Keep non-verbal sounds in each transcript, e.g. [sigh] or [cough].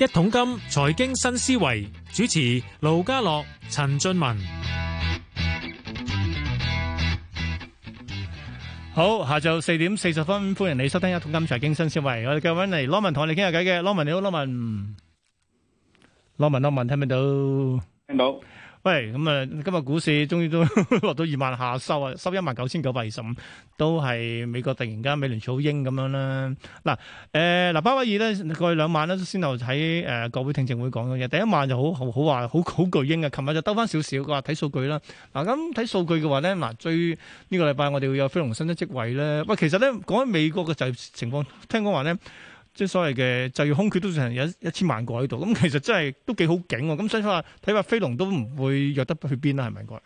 一桶金財經新思維主持盧家樂、陳俊文，好，下晝四點四十分，歡迎你收聽一桶金財經新思維。我哋繼續嚟，Lawman 同我哋傾下偈嘅，Lawman 你好，Lawman，Lawman，Lawman 聽唔聽到？聽到。喂，咁啊，今日股市終於都落 [laughs] 到二萬下收啊，收一萬九千九百二十五，都係美國突然間美聯儲好鷹咁樣啦。嗱、呃，誒，嗱，巴威爾咧，過去兩晚咧，先頭喺誒國會聽證會講嘅嘢，第一晚就好好話，好好，好，好巨鷹嘅，琴日就兜翻少少，話睇數據啦。嗱、啊，咁睇數據嘅話咧，嗱，最呢、呢個禮拜我哋會有非農新增職位咧。喂，其實咧講起美國嘅就業情況，聽講話咧。即係所謂嘅就業空缺都成有一,一千萬個喺度，咁其實真係都幾好景喎、啊。咁所以話睇下飛龍都唔會弱得去邊啦，係咪講？誒、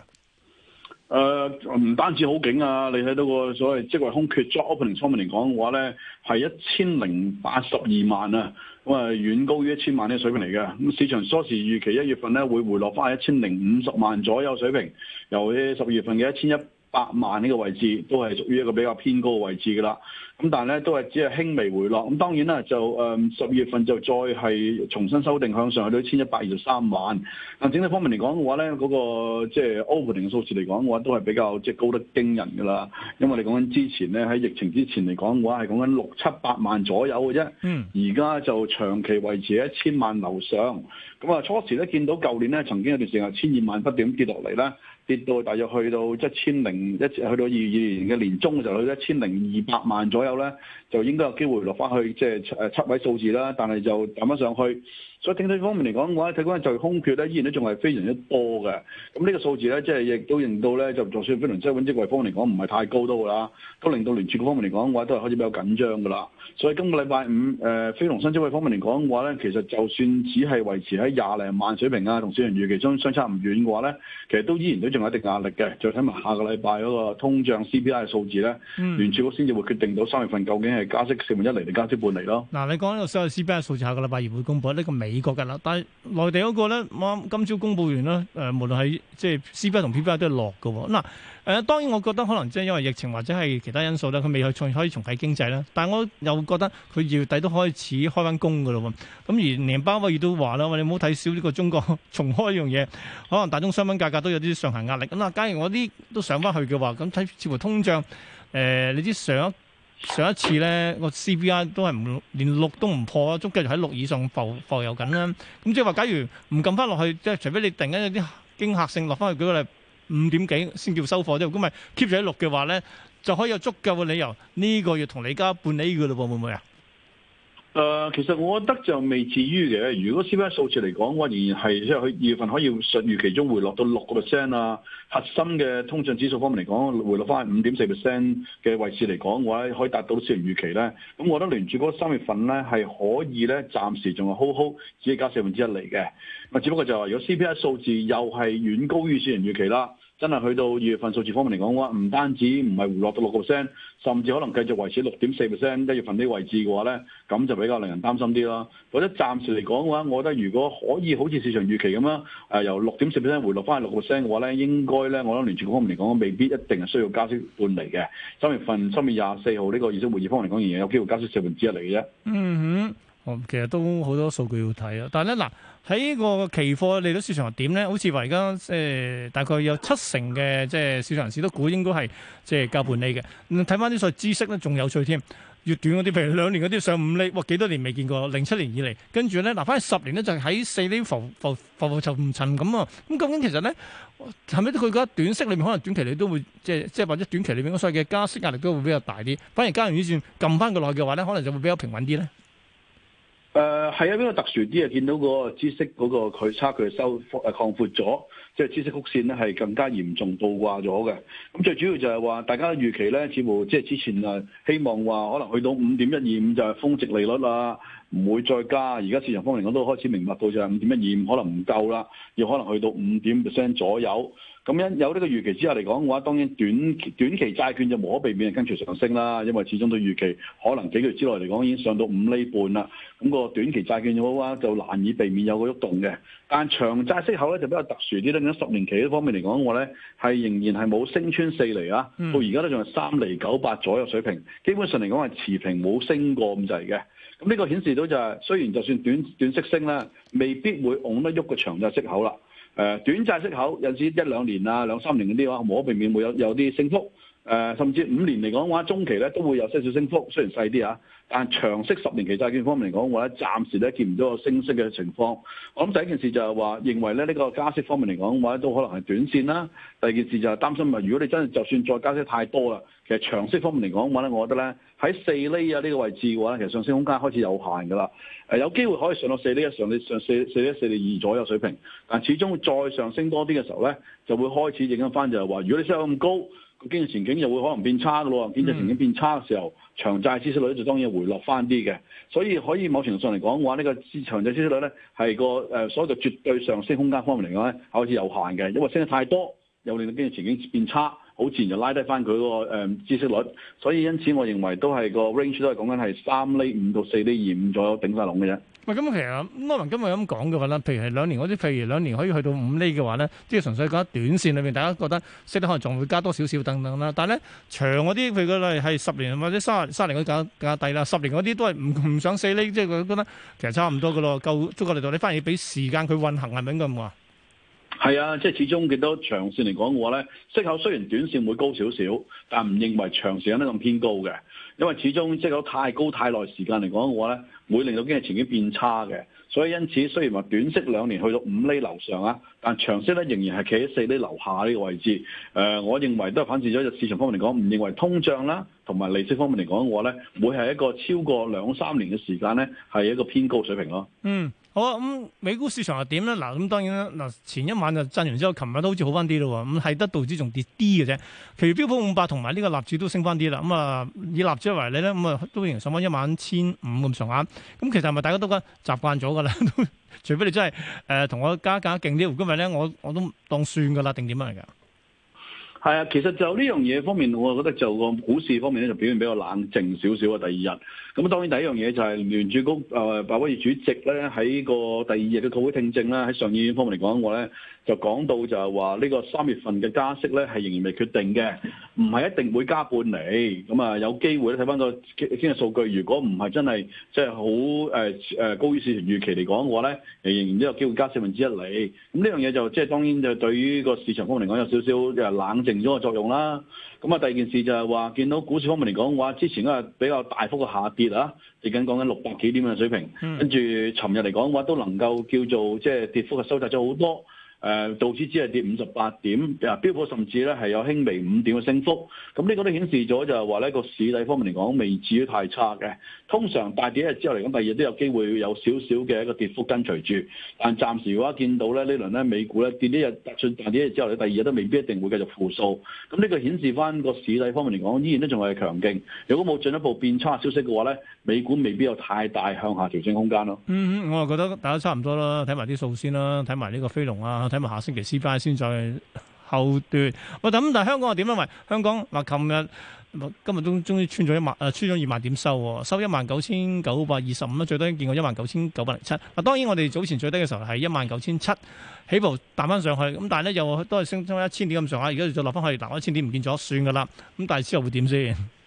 呃，唔單止好景啊！你睇到個所謂職位空缺 job opening 數目嚟講嘅話咧，係一千零八十二萬啊！咁、呃、啊，遠高於一千萬呢個水平嚟嘅。咁市場初時預期一月份咧會回落返一千零五十萬左右水平，由啲十二月份嘅一千一八萬呢個位置都係屬於一個比較偏高嘅位置㗎啦，咁但係咧都係只係輕微回落，咁當然咧就誒十二月份就再係重新修訂向上去到一千一百二十三萬，但整體方面嚟講嘅話咧，嗰個即係 opening 嘅數字嚟講嘅話，都係比較即係高得驚人㗎啦，因為你講緊之前咧喺疫情之前嚟講嘅話係講緊六七百萬左右嘅啫，嗯，而家就長期維持喺一千萬樓上，咁啊初時咧見到舊年咧曾經有段時間千二萬不斷跌落嚟啦。跌到大約去到一千零一，去到二二年嘅年中嘅時候，去到一千零二百萬左右咧，就應該有機會落翻去即係七七位數字啦。但係就撳一上去。所以整體方面嚟講嘅話，睇返就空缺咧，依然都仲係非常之多嘅。咁呢個數字咧，即係亦都令到咧，就就算非農新職位方嚟講，唔係太高都㗎啦。都令到聯儲局方面嚟講嘅話，都係開始比較緊張㗎啦。所以今個禮拜五，誒非農新職位方面嚟講嘅話咧，其實就算只係維持喺廿零萬水平啊，同市場預期中相差唔遠嘅話咧，其實都依然都仲有一定壓力嘅。就睇埋下個禮拜嗰個通脹 CPI 嘅數字咧，嗯、聯儲局先至會決定到三月份究竟係加息四分一釐定加息半釐咯。嗱、嗯，你講呢個所有 CPI 數字下個禮拜二會公布，呢個、嗯美國噶啦，但係內地嗰個咧，啱今朝公布完啦。誒，無論係即係 CPI 同 PPI 都係落噶。嗱，誒，當然我覺得可能即係因為疫情或者係其他因素咧，佢未去再可以重啟經濟啦。但係我又覺得佢月底都開始開翻工噶咯喎。咁而連巴菲特都話啦，你唔好睇少呢個中國重開一樣嘢，可能大宗商品價格都有啲上行壓力。咁啊，假如我啲都上翻去嘅話，咁睇似乎通脹，誒、呃，你啲上。上一次咧，個 CPI 都係唔連六都唔破啊，都繼續喺六以上浮浮，浮游緊啦。咁即係話，假如唔撳翻落去，即係除非你突然間有啲驚嚇性落翻去，舉個例五點幾先叫收貨啫。咁咪 keep 住喺六嘅話咧，就可以有足夠嘅理由呢、這個月同你而家半尾月啦，加半厘，會唔會啊？誒、呃，其實我覺得就未至於嘅。如果 CPI 數字嚟講，我仍然係即係佢二月份可以順預期中回落到六個 percent 啊。核心嘅通脹指數方面嚟講，回落翻五點四 percent 嘅位置嚟講，話可以達到市場預期咧。咁我覺得聯儲嗰三月份咧係可以咧暫時仲係好好，只加四分之一嚟嘅。我只不過就話、是，如果 CPI 數字又係遠高於市場預期啦。真係去到二月份數字方面嚟講嘅話，唔單止唔係回落到六個 percent，甚至可能繼續維持六點四 percent 一月份呢個位置嘅話咧，咁就比較令人擔心啲咯。或者暫時嚟講嘅話，我覺得如果可以好似市場預期咁樣，誒、呃、由六點四 percent 回落翻去六個 percent 嘅話咧，應該咧我諗聯儲局方面嚟講，未必一定係需要加息半厘嘅。三月份、三月廿四號呢、這個議息會議方面嚟講，仍然有機會加息四分之一嚟嘅啫。嗯其實都好多數據要睇啊。但係咧嗱，喺個期貨利率市場又點咧？好似話而家即係大概有七成嘅即係市場人士都估應該係即係加半厘嘅。睇翻啲所謂知識咧，仲有趣添。越短嗰啲，譬如兩年嗰啲上五厘，哇幾多年未見過？零七年以嚟，跟住咧嗱，反而十年咧就係喺四厘浮浮浮浮沉沉噉啊。噉究竟其實咧，係咪佢覺得短息裏面可能短期你都會，即係即係或者短期裏邊所謂嘅加息壓力都會比較大啲？反而加完以算，撳翻個落去嘅話咧，可能就會比較平穩啲咧。誒係、uh, 啊，比較特殊啲啊，見到個知識嗰個佢差距收誒擴闊咗，即係知識曲線咧係更加嚴重倒掛咗嘅。咁最主要就係話，大家預期咧似乎即係之前啊，希望話可能去到五點一二五就係峰值利率啦，唔會再加。而家市場方嚟講我都開始明白到就係五點一二五可能唔夠啦，要可能去到五點五 percent 左右。咁樣有呢個預期之下嚟講嘅話，當然短期短期債券就無可避免係跟住上升啦。因為始終都預期可能幾個月之內嚟講已經上到五厘半啦。咁個短期債券嘅話就難以避免有個喐動嘅。但係長債息口咧就比較特殊啲咧。咁十年期呢方面嚟講嘅話咧，係仍然係冇升穿四厘啊。到而家都仲係三厘九八左右水平，基本上嚟講係持平冇升過咁滯嘅。咁呢個顯示到就係雖然就算短短息升啦，未必會拱得喐個長債息口啦。誒、呃、短債息口有陣時一兩年啊兩三年嗰啲話無可避免會有有啲升幅，誒、呃、甚至五年嚟講嘅話，中期咧都會有些少升幅，雖然細啲啊。但長息十年期債券方面嚟講，或者暫時咧見唔到個升息嘅情況。我諗第一件事就係話，認為咧呢個加息方面嚟講，嘅話都可能係短線啦。第二件事就係擔心，咪如果你真係就算再加息太多啦，其實長息方面嚟講，或者我覺得咧喺四厘啊呢個位置嘅話，其實上升空間開始有限㗎啦。誒、呃，有機會可以上到四厘一上，你上四四厘一四厘二左右水平。但始終再上升多啲嘅時候咧，就會開始影響翻，就係話如果你升到咁高。個經濟前景又會可能變差嘅咯喎，經濟前景變差嘅時候，長、嗯、債孳息率就當然會回落翻啲嘅，所以可以某程度上嚟講嘅話，呢、呢個長債孳息率咧係個誒所謂嘅絕對上升空間方面嚟講咧，係好似有限嘅，因為升得太多又令到經濟前景變差。好自然就拉低翻佢嗰個誒孳息率，所以因此我認為都係個 range 都係講緊係三釐五到四釐二五咗頂曬籠嘅啫。喂，咁其實咁阿文今日咁講嘅話咧，譬如係兩年嗰啲，譬如兩年可以去到五釐嘅話咧，即係純粹講短線裏面，大家覺得息率可能仲會加多少少等等啦。但係咧，長嗰啲，譬如佢係係十年或者三三十年個價價低啦，十年嗰啲都係唔唔想四釐，即係佢覺得其實差唔多嘅咯，夠足夠力度。你反而俾時間佢運行，係咪咁話？係啊，即係始終幾多長線嚟講嘅話咧，息口雖然短線會高少少，但唔認為長時間咧咁偏高嘅，因為始終即係太高太耐時間嚟講嘅話咧，會令到經濟前景變差嘅。所以因此，雖然話短息兩年去到五厘樓上啊，但長息咧仍然係企喺四厘樓下呢個位置。誒、呃，我認為都係反映咗嘅市場方面嚟講，唔認為通脹啦，同埋利息方面嚟講嘅話咧，會係一個超過兩三年嘅時間咧，係一個偏高水平咯。嗯。好咁、嗯、美股市場又點咧？嗱，咁當然啦，嗱，前一晚就震完之後，琴日都好似好翻啲咯。咁係得道指仲跌啲嘅啫。譬如標普五百同埋呢個納指都升翻啲啦。咁、嗯、啊，以納指為例咧，咁、嗯、啊都仍然上翻一萬千五咁上下。咁其實係咪大家都慣習慣咗噶啦？除非你真係誒同我加價勁啲，如果唔係咧，我我都當算噶啦，定點樣嚟㗎？係啊，其實就呢樣嘢方面，我覺得就個股市方面咧，就表現比較冷靜少少啊。第二日，咁啊當然第一樣嘢就係聯儲局誒鮑、呃、威爾主席咧喺個第二日嘅國會聽證啦，喺上議院方面嚟講嘅話咧。就講到就係話呢個三月份嘅加息咧，係仍然未決定嘅，唔係一定會加半釐。咁啊，有機會咧睇翻個經濟數據，如果唔係真係即係好誒誒高於市場預期嚟講嘅話咧，仍然都有機會加四分之一釐。咁呢樣嘢就即係當然就對於個市場方面嚟講有少少誒冷靜咗個作用啦。咁啊，第二件事就係話見到股市方面嚟講嘅話，之前咧比較大幅嘅下跌啊，嚟緊講緊六百幾點嘅水平，跟住尋日嚟講嘅話都能夠叫做即係、就是、跌幅係收窄咗好多。誒，道指只係跌五十八點，啊，標普甚至咧係有輕微五點嘅升幅，咁呢個都顯示咗就係話呢個市底方面嚟講未至於太差嘅。通常大跌一日之後嚟講，咁第二日都有機會有少少嘅一個跌幅跟隨住。但係暫時嘅話見到咧呢輪咧美股咧跌一日突進大跌一日之後第二日都未必一定會繼續負數。咁呢個顯示翻個市底方面嚟講依然都仲係強勁。如果冇進一步變差消息嘅話咧，美股未必有太大向下調整空間咯。嗯嗯，我啊覺得打得差唔多啦，睇埋啲數先啦，睇埋呢個飛龍啦。睇埋下星期 CPI 先再後段，喂，咁但係香港又點咧？喂，香港嗱，琴日今日都終於穿咗一萬，誒、啊、穿咗二萬點收喎，收一萬九千九百二十五啦，最多見過一萬九千九百零七。嗱，當然我哋早前最低嘅時候係一萬九千七起步彈翻上去，咁但係咧又都係升翻一千點咁上下，而家就再落翻去，嗱一千點唔見咗，算噶啦。咁但係之後會點先？ [laughs]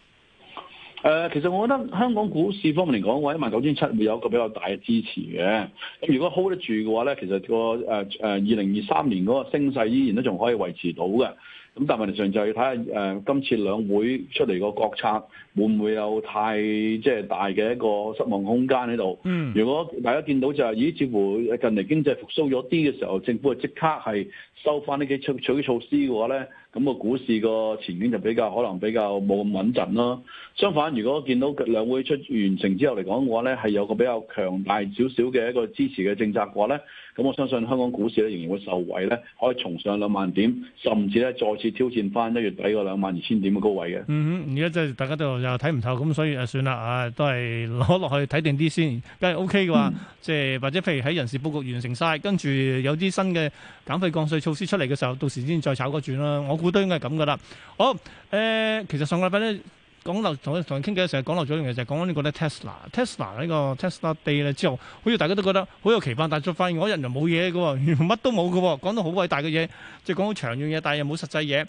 誒、呃，其實我覺得香港股市方面嚟講，話一萬九千七會有一個比較大嘅支持嘅。咁如果 hold 得住嘅話咧，其實、個誒誒二零二三年嗰個升勢依然都仲可以維持到嘅。咁但係問題上就係要睇下誒今次兩會出嚟個國策，會唔會有太即係大嘅一個失望空間喺度？如果大家見到就係、是、咦，似乎近嚟經濟復甦咗啲嘅時候，政府即刻係收翻啲措取措施嘅話咧，咁、那個股市個前景就比較可能比較冇咁穩陣咯。相反，如果見到兩會出完成之後嚟講嘅話咧，係有個比較強大少少嘅一個支持嘅政策嘅話咧，咁我相信香港股市咧仍然會受惠咧，可以重上兩萬點，甚至咧再次挑戰翻一月底個兩萬二千點嘅高位嘅。嗯哼，而家就係大家都～就睇唔透，咁所以啊，算啦，啊都係攞落去睇定啲先，梗係 O K 嘅話，即係或者譬如喺人事佈局完成晒，跟住有啲新嘅減費降稅措施出嚟嘅時候，到時先再炒個轉啦。我估都應該係咁嘅啦。好，誒，其實上個禮拜咧講漏，同佢同人傾偈嘅時候，講漏咗一樣嘢，就係講緊呢個咧 Tesla，Tesla 呢個 Tesla Day 咧之後，好似大家都覺得好有期盼，但係就發現嗰日就冇嘢嘅，原來乜都冇嘅，講到好偉大嘅嘢，即係講到長遠嘢，但係又冇實際嘢。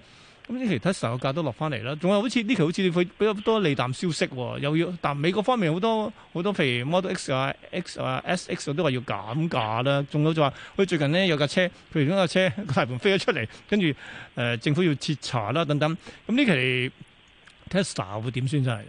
咁呢期 Tesla 個價都落翻嚟啦，仲有好似呢期好似佢比較多利淡消息，又要但美國方面好多好多譬如 Model X 啊、X 啊、S X 都話要減價啦，仲有就話、是、佢最近咧有架車，譬如嗰架車個大盤飛咗出嚟，跟住誒政府要徹查啦等等，咁呢期 Tesla 會點先真係？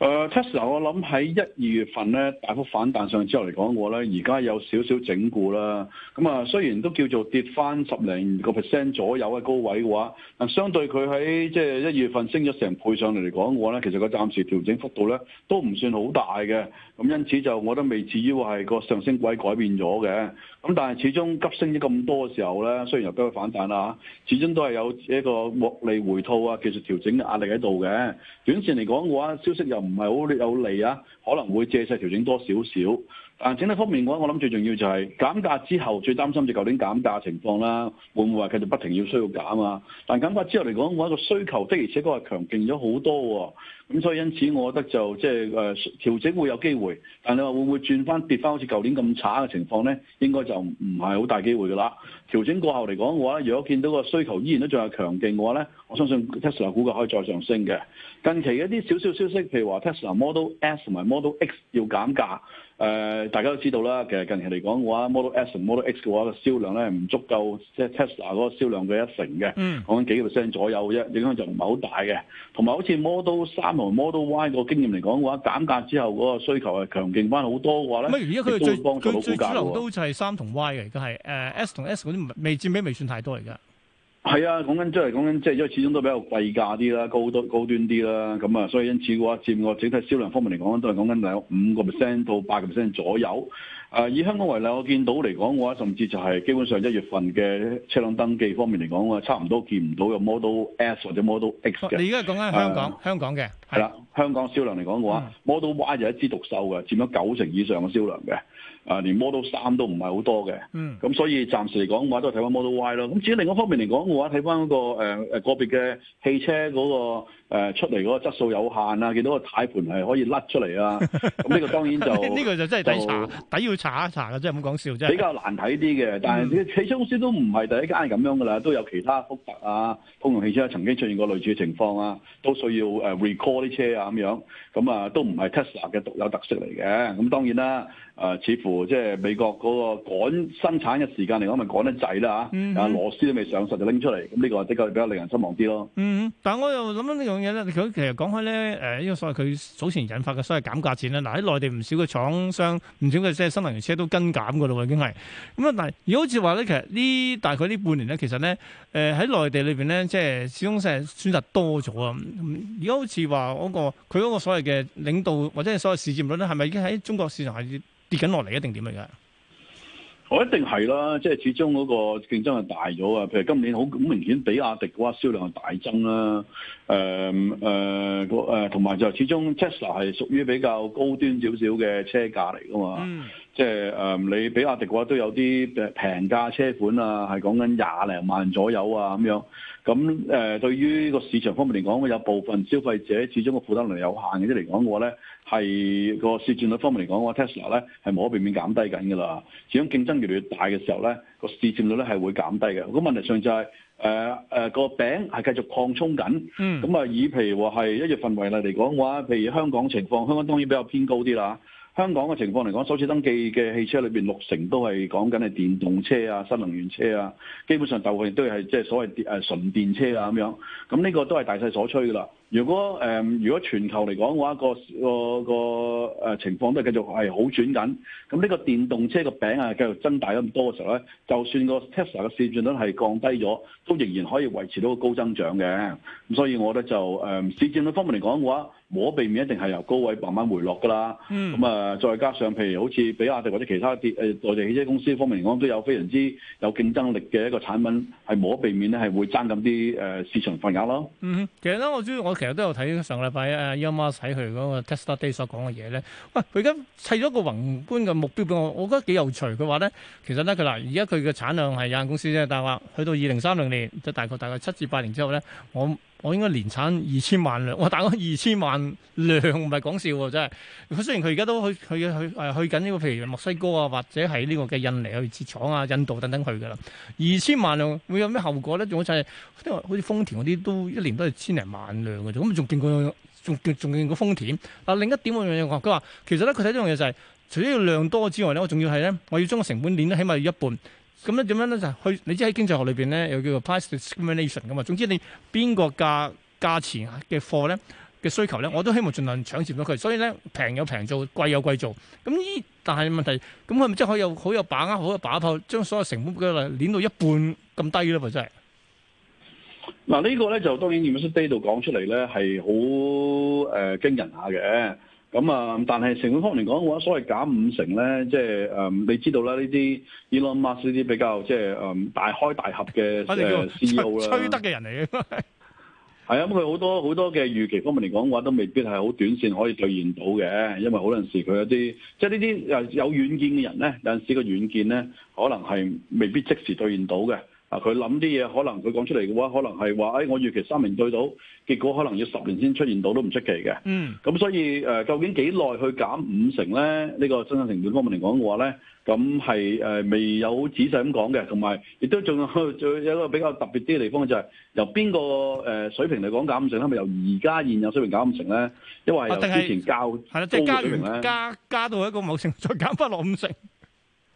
誒，Tesla，我諗喺一、二月份咧大幅反彈上之後嚟講，我咧而家有少少整固啦。咁、嗯、啊，雖然都叫做跌翻十零個 percent 左右嘅高位嘅話，但相對佢喺即係一月份升咗成倍上嚟嚟講，我咧其實個暫時調整幅度咧都唔算好大嘅。咁、嗯、因此就我都未至於話係個上升位改變咗嘅。咁、嗯、但係始終急升咗咁多嘅時候咧，雖然又比較反彈啦，始終都係有一個獲利回吐啊、技術調整嘅壓力喺度嘅。短線嚟講嘅話，消息又唔～唔係好有利啊，可能會借勢調整多少少。但整體方面嘅話，我諗最重要就係減價之後，最擔心就係舊年減價情況啦，會唔會話繼續不停要需要減啊？但減價之後嚟講，我一個需求的而且確係強勁咗好多喎。咁所以因此，我覺得就即係誒調整會有機會。但你話會唔會轉翻跌翻好似舊年咁差嘅情況咧？應該就唔係好大機會噶啦。調整過後嚟講嘅話，如果見到個需求依然都仲係強勁嘅話咧，我相信 Tesla 股價可以再上升嘅。近期一啲少少消息，譬如話 Tesla Model S 同埋 Model X 要減價。誒、呃，大家都知道啦。其實近期嚟講嘅話，Model S 同 Model X 嘅話個銷量咧，唔足夠即係 Tesla 嗰個銷量嘅一成嘅。講緊、嗯、幾個 percent 左右啫，影響就唔係好大嘅。同埋好似 Model 三同 Model Y 個經驗嚟講嘅話，減價之後嗰個需求係強勁翻好多嘅話咧。咁而家佢最佢最主流都就係三同 Y 嘅，而家係誒 S 同 S 嗰啲未佔比，未算太多而家。係啊，講緊即係講緊，即係因為始終都比較貴價啲啦，高多高端啲啦，咁啊，所以因此嘅話，佔個整體銷量方面嚟講，都係講緊有五個 percent 到八個 percent 左右。啊、呃，以香港為例，我見到嚟講嘅話，甚至就係基本上一月份嘅車輛登記方面嚟講嘅話，差唔多見唔到有 Model S 或者 Model X 嘅。你而家講緊香港，呃、香港嘅係啦，香港銷量嚟講嘅話、嗯，Model Y 就一枝獨秀嘅，佔咗九成以上嘅銷量嘅。啊！連 Model 三都唔係好多嘅，嗯，咁所以暫時嚟講嘅話，都係睇翻 Model Y 咯。咁至於另一方面嚟講嘅話，嗰個，睇翻嗰個誒誒個別嘅汽車嗰、嗰個。誒出嚟嗰個質素有限啊，見到個軚盤係可以甩出嚟啊。咁、嗯、呢、這個當然就呢 [laughs] 個就真係抵查，抵就要查一查嘅啫，唔好講笑啫。比較難睇啲嘅，但係啲汽車公司都唔係第一間係咁樣噶啦，都有其他福特啊、通用汽車曾經出現過類似嘅情況啊，都需要誒 recall 啲車啊咁樣，咁啊都唔係 Tesla 嘅獨有特色嚟嘅。咁當然啦，誒、呃、似乎即係美國嗰個趕生產嘅時間嚟講，咪趕得滯啦嚇，啊螺絲都未上實就拎出嚟，咁呢個比較比較令人失望啲咯。嗯，但我又諗呢佢其實講開咧，誒，因為所謂佢早前引發嘅所謂減價戰咧，嗱喺內地唔少嘅廠商，唔少嘅即係新能源車都跟減嘅咯，已經係咁啊！但係如果好似話咧，其實呢大概呢半年咧，其實咧，誒喺內地裏邊咧，即係始終係選擇多咗啊！而家好似話嗰個佢嗰個所謂嘅領導或者係所謂市佔率咧，係咪已經喺中國市場係跌緊落嚟啊？定點嚟㗎？我一定係啦，即係始終嗰個競爭係大咗啊！譬如今年好好明顯，比亞迪嘅話銷量係大增啦、啊，誒誒個同埋就始終 Tesla 係屬於比較高端少少嘅車價嚟噶嘛，即係誒、嗯、你比亞迪嘅話都有啲平價車款啊，係講緊廿零萬左右啊咁樣。咁誒、嗯，對於個市場方面嚟講，有部分消費者始終個負擔力有限嘅啲嚟講嘅話咧，係個市佔率方面嚟講嘅話，Tesla 咧係無可避免減低緊嘅啦。始終競爭越嚟越大嘅時候咧，個市佔率咧係會減低嘅。咁問題上就係誒誒個餅係繼續擴充緊，咁啊、嗯、以譬如話係一月份為例嚟講嘅話，譬如香港情況，香港當然比較偏高啲啦。香港嘅情況嚟講，首次登記嘅汽車裏邊六成都係講緊係電動車啊、新能源車啊，基本上大部分都係即係所謂電誒純電車啊咁樣，咁、這、呢個都係大勢所趨噶啦。如果誒、呃，如果全球嚟講嘅話，個個個誒情況都係繼續係好轉緊。咁呢個電動車嘅餅啊，繼續增大咁多嘅時候咧，就算個 Tesla 嘅市佔率係降低咗，都仍然可以維持到高增長嘅。咁所以我覺得就誒、呃、市佔率方面嚟講嘅話，冇可避免一定係由高位慢慢回落㗎啦。咁啊、嗯，再加上譬如好似比亞迪或者其他啲誒內地汽車公司方面嚟講，都有非常之有競爭力嘅一個產品，係冇可避免咧係會爭咁啲誒市場份額咯。嗯哼，其實咧，我知我。其實都有睇上個禮拜阿 Young 媽睇佢嗰個 Tesla Day 所講嘅嘢咧，哇！佢而家砌咗個宏觀嘅目標俾我，我覺得幾有趣。佢話咧，其實咧佢嗱，而家佢嘅產量係有限公司啫，但係話去到二零三零年，即係大概大概七至八年之後咧，我。我應該年產二千萬輛，我打個二千萬輛唔係講笑喎，真係。佢雖然佢而家都去去去誒去緊呢個，譬如墨西哥啊，或者係呢個嘅印尼去設廠啊、印度等等去㗎啦。二千萬輛會有咩後果咧？仲好在，因為好似豐田嗰啲都一年都係千零萬輛嘅咁仲勁過，仲勁仲勁過豐田。但另一點我問佢話，佢話其實咧佢睇呢樣嘢就係、是，除咗要量多之外咧，我仲要係咧，我要將個成本攣得起碼要一半。咁咧點樣咧就係、去？你知喺經濟學裏邊咧，又叫做 price discrimination 噶嘛。總之你邊個價價錢嘅貨咧嘅需求咧，我都希望盡量搶佔到佢。所以咧平有平做，貴有貴做。咁呢，但係問題，咁佢咪即係可以有好有把握，好有把握將所有成本嘅量捻到一半咁低囉？咪真係？嗱，呢個咧就當然，Tesla Day 度講出嚟咧係好誒驚人下嘅。咁啊，但係成本方面嚟講嘅話所謂減五成咧，即係誒，你知道啦，呢啲 Elon Musk 呢啲比較即係誒大開大合嘅誒 CEO 啦，吹得嘅人嚟嘅，係啊，咁佢好多好多嘅預期方面嚟講嘅話，都未必係好短線可以兌現到嘅，因為好陣時佢有啲即係呢啲誒有遠見嘅人咧，有陣時個遠見咧，可能係未必即時兌現到嘅。啊！佢諗啲嘢，可能佢講出嚟嘅話，可能係話：誒、哎，我預期三年對到，結果可能要十年先出現到，都唔出奇嘅。嗯。咁所以誒、呃，究竟幾耐去減五成咧？呢、這個生產成本方面嚟講嘅話咧，咁係誒未有仔細咁講嘅，同埋亦都仲有，有一個比較特別啲嘅地方、就是，就係由邊個誒、呃、水平嚟講減五成咧？係咪由而家現有水平減五成咧？因為之前交，係啦、啊，即係加加加到一個某程度，再減翻落五成。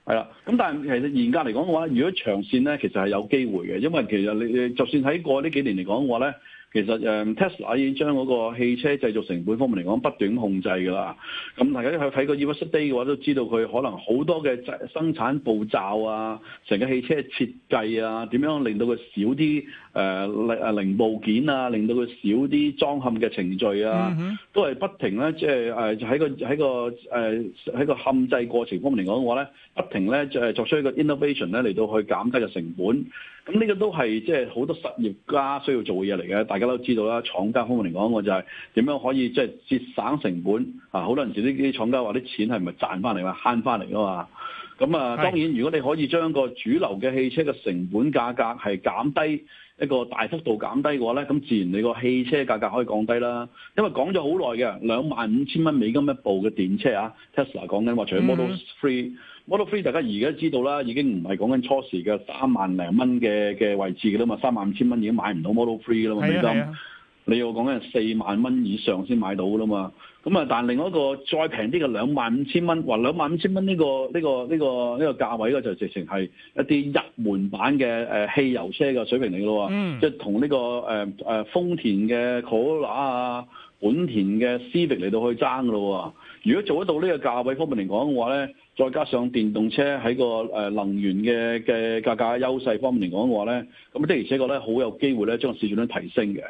係啦，咁但係其實嚴格嚟講嘅話，如果長線咧，其實係有機會嘅，因為其實你你就算喺過呢幾年嚟講嘅話咧。其實誒 Tesla 已經將嗰個汽車製造成本方面嚟講不斷控制㗎啦。咁大家去睇個 invest day 嘅話，都知道佢可能好多嘅生產步驟啊，成個汽車設計啊，點樣令到佢少啲誒、呃、零部件啊，令到佢少啲裝嵌嘅程序啊，mm hmm. 都係不停咧，即係誒喺個喺個誒喺個嵌製過程方面嚟講嘅話咧，不停咧就係作出一個 innovation 咧嚟到去減低個成本。咁呢個都係即係好多實業家需要做嘅嘢嚟嘅，大家都知道啦。廠家方面嚟講，我就係點樣可以即係節省成本啊？好多時啲啲廠家話啲錢係咪賺翻嚟嘛，慳翻嚟啊嘛。咁啊，當然是如果你可以將個主流嘅汽車嘅成本價格係減低。一個大幅度減低嘅話咧，咁自然你個汽車價格可以降低啦。因為講咗好耐嘅兩萬五千蚊美金一部嘅電車啊，Tesla 講緊話，除咗、嗯、Model Three，Model Three 大家而家知道啦，已經唔係講緊初時嘅三萬零蚊嘅嘅位置嘅啦嘛，三萬五千蚊已經買唔到 Model Three 嘅啦嘛，美金，你要講緊係四萬蚊以上先買到嘅啦嘛。咁啊！但另外一個再平啲嘅兩萬五千蚊，話兩萬五千蚊呢個呢、呢個呢、呢個呢、呢個價位咧，就直情係一啲入門版嘅誒汽油車嘅水平嚟嘅咯喎，嗯、即係同呢個誒誒、呃呃、豐田嘅卡羅拉啊、本田嘅思域嚟到去爭嘅咯喎。如果做得到呢個價位方面嚟講嘅話咧，再加上電動車喺個誒能源嘅嘅價格優勢方面嚟講嘅話咧，咁的而且確咧好有機會咧將個市佔率提升嘅。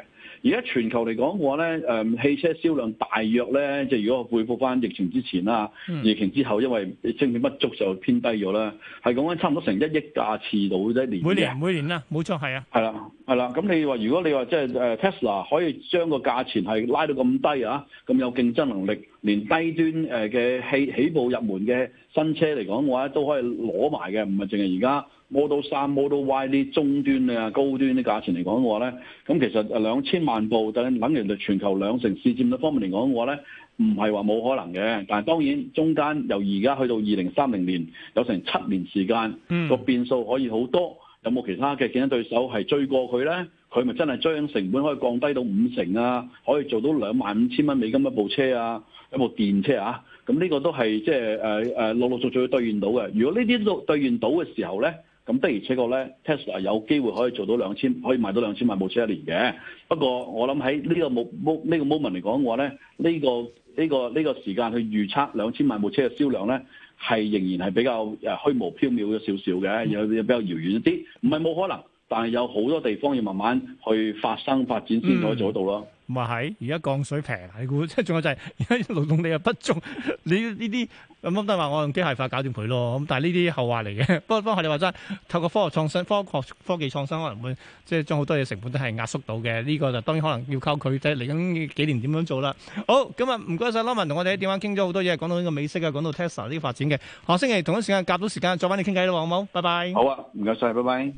而家全球嚟講嘅話咧，誒汽車銷量大約咧，即係如果我回覆翻疫情之前啦，嗯、疫情之後，因為供應不足就偏低咗啦，係講緊差唔多成一億架次度一年，年。每年啊，每年啦，冇錯，係啊，係啦，係啦。咁你話，如果你話即係誒 Tesla 可以將個價錢係拉到咁低啊，咁有競爭能力，連低端誒嘅起起步入門嘅新車嚟講嘅話，都可以攞埋嘅，唔係淨係而家。Model 三、Model Y 啲中端啊、高端啲價錢嚟講嘅話咧，咁其實兩千萬部，等等，人哋全球兩成市佔率方面嚟講嘅話咧，唔係話冇可能嘅。但係當然，中間由而家去到二零三零年，有成七年時間個變數可以好多。有冇其他嘅競爭對手係追過佢咧？佢咪真係將成本可以降低到五成啊？可以做到兩萬五千蚊美金一部車啊？一部電車啊？咁呢個都係即係誒誒陸陸續續去兌現到嘅。如果呢啲都兌現到嘅時候咧，咁的而且確咧，Tesla 有機會可以做到兩千，可以賣到兩千萬部車一年嘅。不過我諗喺、呢個、呢、呢個冇冇呢個 moment 嚟講嘅話咧，呢個呢個呢個時間去預測兩千萬部車嘅銷量咧，係仍然係比較誒虛無縹緲咗少少嘅，有比較遙遠一啲。唔係冇可能，但係有好多地方要慢慢去發生發展先可以做到咯。嗯。唔係喺而家降水平，你估即係仲有就係而家勞動力又不足，你呢啲咁都話我用機械化搞掂佢咯。咁但係呢啲後話嚟嘅，不過幫你話齋，透過科學創新、科學科技創新，可能會即係將好多嘢成本都係壓縮到嘅。呢個就當然可能要靠佢即係嚟緊幾年點樣做啦。好，咁啊唔該曬，Lawrence 同我哋喺電話傾咗好多嘢，講到呢個美式啊，講到 Tesla 呢個發展嘅。下星期同一時間夾到時間再揾你傾偈啦，好唔好？拜拜。好啊，唔該曬，拜拜。